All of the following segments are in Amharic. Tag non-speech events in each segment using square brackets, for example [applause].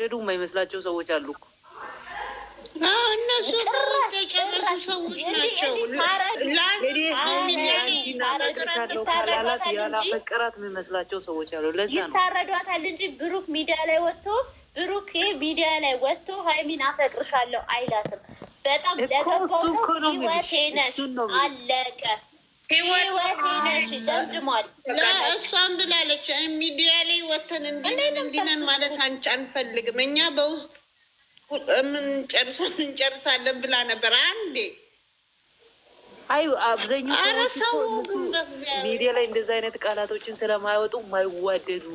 ሄዱ የማይመስላቸው ሰዎች አሉ። እነሱ ያላፈቀራት የሚመስላቸው ሰዎች አሉ። ለዛ ነው ይታረዷታል እንጂ ብሩክ ሚዲያ ላይ ወጥቶ ብሩክ ሚዲያ ላይ ወጥቶ ሀይሚን አፈቅርሻለሁ አይላትም። በጣም ለገባው ሰው ህይወቴ ነሽ አለቀ። እሷም ብላለች ሚዲያ ላይ ወተን እንዲነን ማለት አንቺ አንፈልግም፣ እኛ በውስጥ [laughs] እንጨርሳለን ብላ ነበር። አንዴ አይ አብዛኛው ሚዲያ ላይ እንደዚ አይነት ቃላቶችን ስለማይወጡ ማይዋደዱ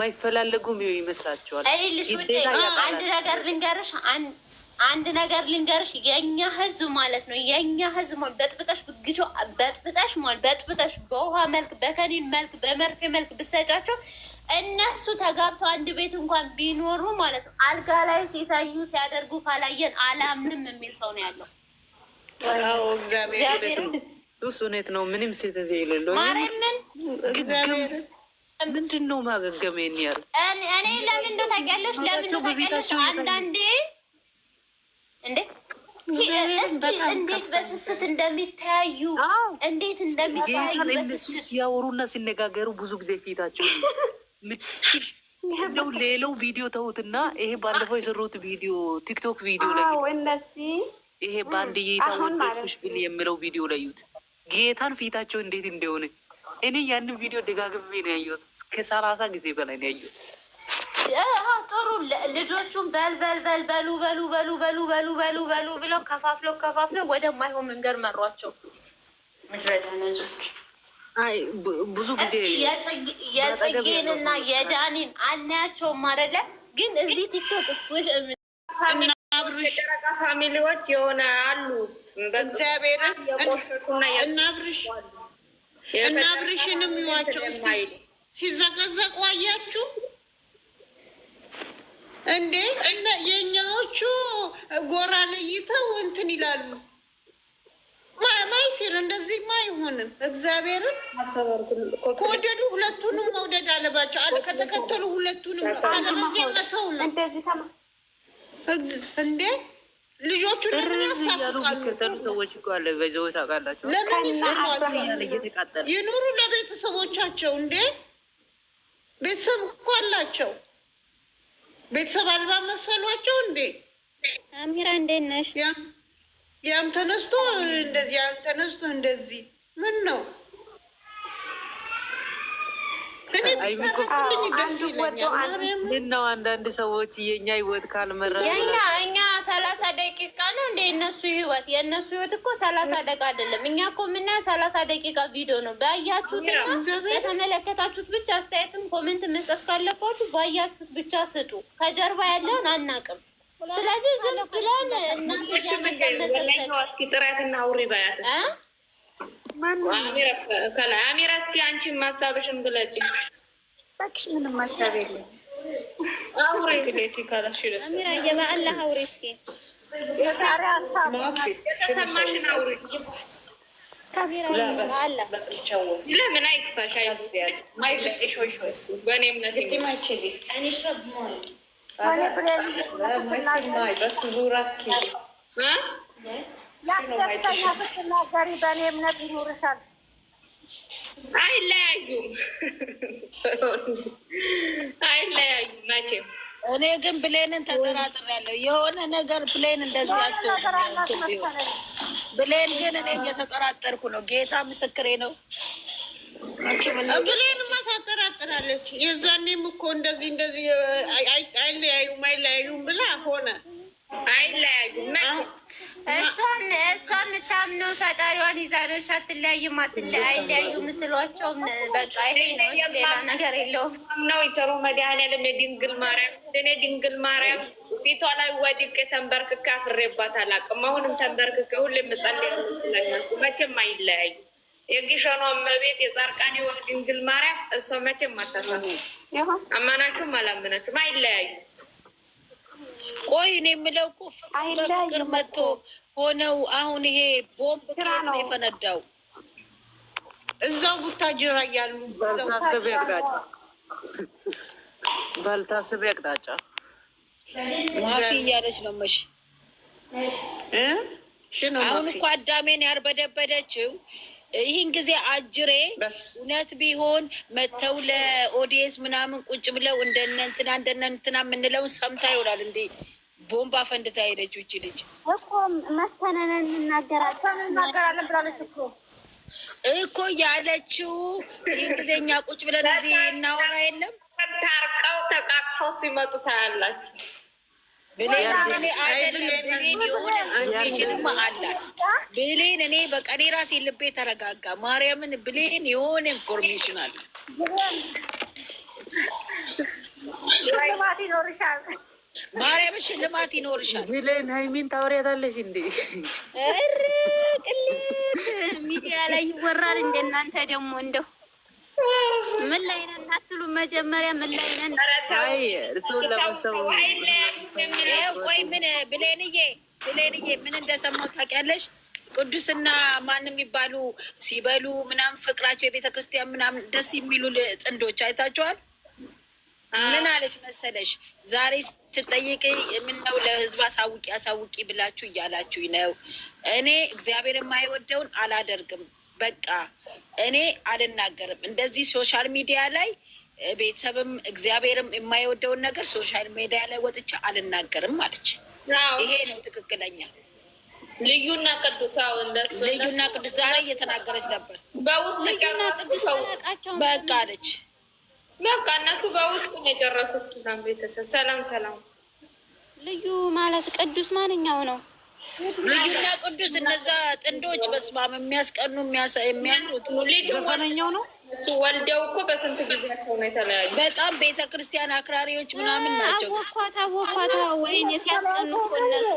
ማይፈላለጉም ይመስላቸዋል። አንድ ነገር ልንገርሽ አንድ ነገር ልንገርሽ፣ የኛ ህዝብ ማለት ነው የኛ ህዝብ ሆን በጥብጠሽ ብግቾ በጥብጠሽ ሆን በጥብጠሽ በውሃ መልክ፣ በከኒን መልክ፣ በመርፌ መልክ ብሰጫቸው እነሱ ተጋብተው አንድ ቤት እንኳን ቢኖሩ ማለት ነው አልጋ ላይ ሲታዩ ሲያደርጉ ካላየን አላምንም የሚል ሰው ነው ያለው። ዱስ እውነት ነው። ምንም ሴት የሌለው ማርያምን ምንድን ነው ማገገመ ያል እኔ ለምን እንደው ታውቂያለሽ፣ ለምን እንደው አንዳንዴ እንዴ እንዴት በስስት እንደሚተያዩ እንዴት እንደሚተያዩ በስስት ሲያወሩና ሲነጋገሩ ብዙ ጊዜ ፊታቸው [laughs] ሌላው ቪዲዮ ተውትና፣ ይሄ ባለፈው የሰሩት ቪዲዮ ቲክቶክ ቪዲዮ ላይ ይሄ በአንድ የሚለው ቪዲዮ ጌታን ፊታቸው እንዴት እንደሆነ እኔ ያንን ቪዲዮ ደጋግሜ ነው ያየሁት። ከሰላሳ ጊዜ በላይ ነው ያየሁት። ጥሩ ልጆቹን በል በል በል በሉ በሉ በሉ በሉ በሉ በሉ በሉ ብለው ከፋፍለው ከፋፍለው ወደማይሆን መንገድ መሯቸው። አይ ብዙ ጊዜ የዳኒን አናያቸውም አይደለ? ግን እዚህ ቲክቶክ ስሽ ፋሚሊዎች የሆነ አሉ። እግዚአብሔር ሲዘቀዘቁ አያችሁ። እንዴ እና የእኛዎቹ ጎራን እይተው እንትን ይላሉ። ማይሲር እንደዚህማ አይሆንም። እግዚአብሔርን ከወደዱ ሁለቱንም መውደድ አለባቸው። አለ ከተከተሉ ሁለቱንም አለበዚያ መተው ነው እንዴ ልጆቹ ለምን ያሳቅቃሉ? ሰዎች እኮ አለ በዘወት ታውቃላቸው። ለምን ይሰሯቸዋል? ይኑሩ ለቤተሰቦቻቸው እንዴ ቤተሰብ እኮ አላቸው። ቤተሰብ አልባ መሰሏቸው እንዴ? አሚራ እንዴት ነሽ? ያም ተነስቶ እንደዚህ ያም ተነስቶ እንደዚህ ምን ነው? ነው አንዳንድ ሰዎች የኛ ህይወት ካልመራ የኛ እኛ ሰላሳ ደቂቃ ነው እንደ የነሱ ህይወት። የእነሱ ህይወት እኮ ሰላሳ ደቂቃ አይደለም። እኛ እኮ የምናየው ሰላሳ ደቂቃ ቪዲዮ ነው። ባያችሁትና የተመለከታችሁት ብቻ አስተያየትም ኮሜንት መስጠት ካለባችሁ ባያችሁት ብቻ ስጡ። ከጀርባ ያለውን አናቅም። ስለዚህ ዝም ብለን እናንተ እያመጣ መሰለኝ ጥረትና ውሪ ባያት አሚራ እስኪ አንቺም ሀሳብሽን ግለጪ። እባክሽ ምንም ሀሳብ የለም። አሚራ የበአላህ አውሪ እስኪ የተሰማሽን አውሪ። ለምን አይክፋሽ? በእኔ እምነት ያስደስተኛ ስትናገሪ በእኔ እምነት ይኖርሻል። አይለያዩም አይለያዩም መቼም። እኔ ግን ብሌንን ተጠራጥሬያለሁ። የሆነ ነገር ብሌን እንደዚህ ብሌን ግን እኔ እየተጠራጠርኩ ነው። ጌታ ምስክሬ ነው። ብሌንማ ታጠራጥራለች። የዛኔም እኮ እንደዚህ እንደዚህ አይለያዩም አይለያዩም ብላ ሆነ አይለያዩም እሷ የምታምነው ፈጣሪዋን ይዛ ነው። እሺ አትለያይም፣ አይለያዩ የምትሏቸውም በቃ ይሄ ነው፣ ሌላ ነገር የለውም። ነው ይተሩ መድኃኒዓለም የድንግል ማርያም እኔ ድንግል ማርያም ፊቷ ላይ ወድቄ ተንበርክኬ አፍሬባት አላውቅም። አሁንም ተንበርክኬ ሁሌ መጸለይ ስለነሱ መቼም አይለያዩ የጊሸኗ እመቤት የጻርቃኔ ድንግል ማርያም እሷ መቼም አታሳ አማናችሁም አላምናችሁም አይለያዩ ቆይ እኔ የምለው እኮ ፍቅር መጥቶ ሆነው አሁን ይሄ ቦምብ ከየት ነው የፈነዳው? እዛው ቡታጅራ እያሉ ባልታሰበ አቅጣጫ ባልታሰበ አቅጣጫ ማፊ እያለች ነው መሽ አሁን እኮ አዳሜን ያርበደበደችው ይህን ጊዜ አጅሬ እውነት ቢሆን መተው ለኦዲየንስ ምናምን ቁጭ ብለው እንደነ እንትና እንደነ እንትና የምንለውን ሰምታ ይሆናል እንዲ ቦምባ ፈንድታ ሄደች። ውጭ ልጅ እኮ መተነን እንናገራለን እንናገራለን ብላለች እኮ እኮ ያለችው። ይህን ጊዜ እኛ ቁጭ ብለን እዚህ እናወራ የለም ታርቀው ተቃቅፈው ሲመጡ ታያላችሁ። ብሌን አላት ብሌን እኔ በቃ እኔ ራሴ ልቤ ተረጋጋ። ማርያምን ብሌን የሆነ ኢንፎርሜሽን አለ ማርያምን ሽልማት ይኖርሻል። ብሌን ሀይሚን ታወሪያታለሽ እንዴ? ኧረ ቅሌት ሚዲያ ላይ ይወራል። እንደ እናንተ ደግሞ እንደው ምን ላይ ነን አትሉ መጀመሪያ ምን ላይ ነን? እሱን ለማስተዋወቅ ቆይ ምን ብሌንዬ ብሌንዬ ምን እንደሰማሁ ታውቂያለሽ? ቅዱስና ማን የሚባሉ ሲበሉ ምናምን ፍቅራቸው የቤተ ክርስቲያን ምናምን ደስ የሚሉ ጥንዶች አይታችኋል። ምን አለች መሰለሽ? ዛሬ ስትጠይቅ የምነው ለህዝብ አሳውቂ አሳውቂ ብላችሁ እያላችሁ ነው። እኔ እግዚአብሔር የማይወደውን አላደርግም። በቃ እኔ አልናገርም። እንደዚህ ሶሻል ሚዲያ ላይ ቤተሰብም እግዚአብሔርም የማይወደውን ነገር ሶሻል ሜዲያ ላይ ወጥቼ አልናገርም አለች። ይሄ ነው ትክክለኛ ልዩና ቅዱስ ልዩና ቅዱስ ዛሬ እየተናገረች ነበር። በውስጥ በቃ አለች። በቃ እነሱ በውስጥ ነው የጨረሱ። ስላም ቤተሰብ ሰላም ሰላም። ልዩ ማለት ቅዱስ ማንኛው ነው? ልዩና ቅዱስ እነዛ ጥንዶች በስማም የሚያስቀኑ የሚያሳይ የሚያምሩት ልጁ ነው? እሱ ወልደው እኮ በስንት ጊዜያቸው ነው የተለያዩ። በጣም ቤተ ክርስቲያን አክራሪዎች ምናምን ናቸው። አወኳት አወኳት፣ ወይኔ ሲያስጠኑ እነሱ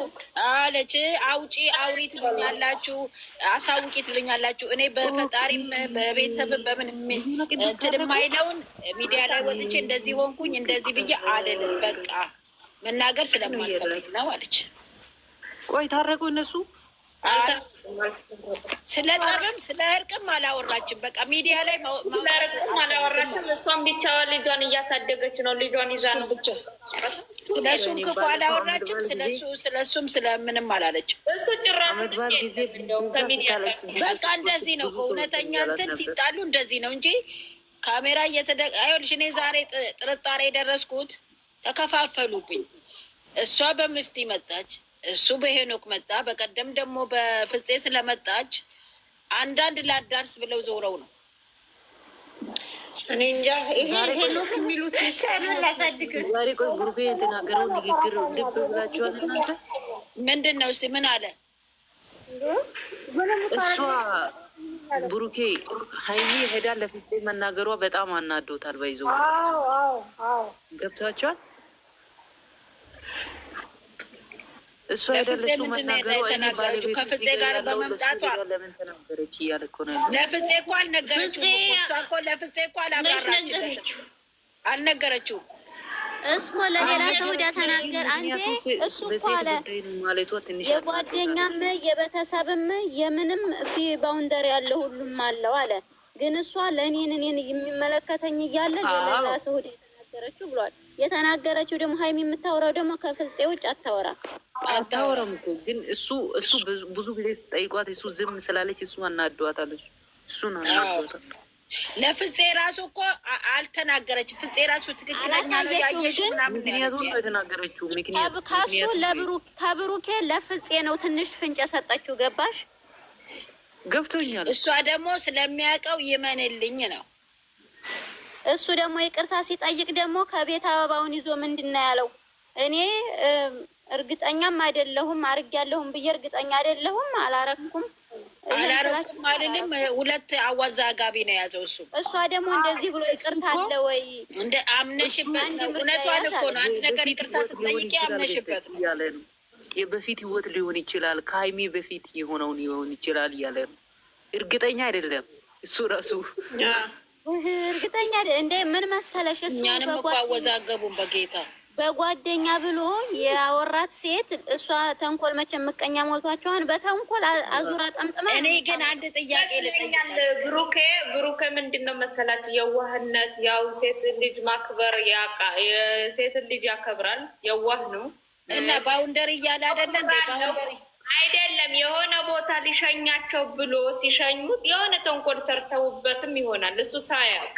አለች። አውጪ አውሪ ትሉኛላችሁ፣ አሳውቂ ትሉኛላችሁ። እኔ በፈጣሪም በቤተሰብም በምን እንትን የማይለውን ሚዲያ ላይ ወጥቼ እንደዚህ ሆንኩኝ እንደዚህ ብዬ አልልም። በቃ መናገር ስለማልፈልግ ነው አለች። ቆይ ታረቁ እነሱ ስለ ጸብም ስለ እርቅም አላወራችም። በቃ ሚዲያ ላይ ስለ እርቅም አላወራችም። እሷም ብቻዋን ልጇን እያሳደገች ነው። ልጇን ይዛ ነው ብቻ። ስለ እሱም ክፉ አላወራችም። ስለሱ ስለሱም ስለምንም አላለችም። እሱ ጭራሽ በቃ እንደዚህ ነው። እውነተኛ እንትን ሲጣሉ እንደዚህ ነው እንጂ ካሜራ እየተደ ይኸውልሽ፣ እኔ ዛሬ ጥርጣሬ የደረስኩት ተከፋፈሉብኝ። እሷ በምፍት መጣች እሱ በሄኖክ መጣ። በቀደም ደግሞ በፍፄ ስለመጣች አንዳንድ ላዳርስ ብለው ዞረው ነው። እኔ እንጃ ይሄ ሄኖክ የሚሉት ዛሬ ቆይ ጉርቤ የተናገረው ንግግር ልብ ብላችኋል እናንተ። ምንድን ነው ምን አለ? እሷ ብሩኬ ሀይሚ ሄዳ ለፍፄ መናገሯ በጣም አናዶታል። ባይዞ ገብታችኋል እሱ ለፍፄ ምንድን ነው ከፍፄ ጋር በመምጣቷ ለፍፄ እኮ አልነገረችው። እሷ እኮ ለፍፄ እኮ አላብራራችለትም፣ አልነገረችው። እሱ ለሌላ ሰው ዳ ተናገር አንዴ። እሱ እኮ አለ የጓደኛም የቤተሰብም የምንም ፊ ባውንደር ያለ ሁሉም አለው አለ። ግን እሷ ለእኔን እኔን የሚመለከተኝ እያለ ለሌላ ሰው ዳ የተናገረችው ብሏል። የተናገረችው ደግሞ ሀይሚ የምታወራው ደግሞ ከፍጼ ውጭ አታወራ አታወራም እኮ ግን እሱ እሱ ብዙ ጊዜ ስጠይቋት እሱ ዝም ስላለች እሱ አናደዋታል። እሱ አናደዋታል። ለፍጼ ራሱ እኮ አልተናገረች። ፍጼ ራሱ ትክክለኛ ነው ያየሽ ምክንያቱም የተናገረችው ምክንያቱ ከሱ ከብሩኬ ለፍፄ ነው ትንሽ ፍንጭ የሰጠችው ገባሽ? ገብቶኛል። እሷ ደግሞ ስለሚያውቀው ይመንልኝ ነው እሱ ደግሞ ይቅርታ ሲጠይቅ ደግሞ ከቤት አበባውን ይዞ ምንድን ነው ያለው? እኔ እርግጠኛም አይደለሁም አርጌያለሁም ብዬ እርግጠኛ አይደለሁም አላረኩም አላረኩም አልልም። ሁለት አዋዛ አጋቢ ነው የያዘው እሱ። እሷ ደግሞ እንደዚህ ብሎ ይቅርታ አለ ወይ እንደ አምነሽበት ነው። እውነቷን እኮ ነው። አንድ ነገር ይቅርታ ስጠይቅ አምነሽበት ነው የበፊት ህይወት ሊሆን ይችላል ከሀይሚ በፊት የሆነውን ሊሆን ይችላል እያለ ነው። እርግጠኛ አይደለም እሱ ራሱ እርግጠኛ እንደ ምን መሰለሽ፣ እኛንም እኮ አወዛገቡን በጌታ በጓደኛ ብሎ ያወራት ሴት እሷ ተንኮል መቼም ምቀኛ ሞልቷቸዋን በተንኮል አዙራ ጠምጥማ። እኔ ግን አንድ ጥያቄ ልጠይቃል። ብሩኬ ብሩኬ ምንድን ነው መሰላት? የዋህነት፣ ያው ሴት ልጅ ማክበር፣ ሴት ልጅ ያከብራል፣ የዋህ ነው እና ባውንደሪ እያለ አይደለ እንደ ባውንደሪ አይደለም የሆነ ቦታ ሊሸኛቸው ብሎ ሲሸኙት የሆነ ተንኮል ሰርተውበትም ይሆናል እሱ ሳያውቅ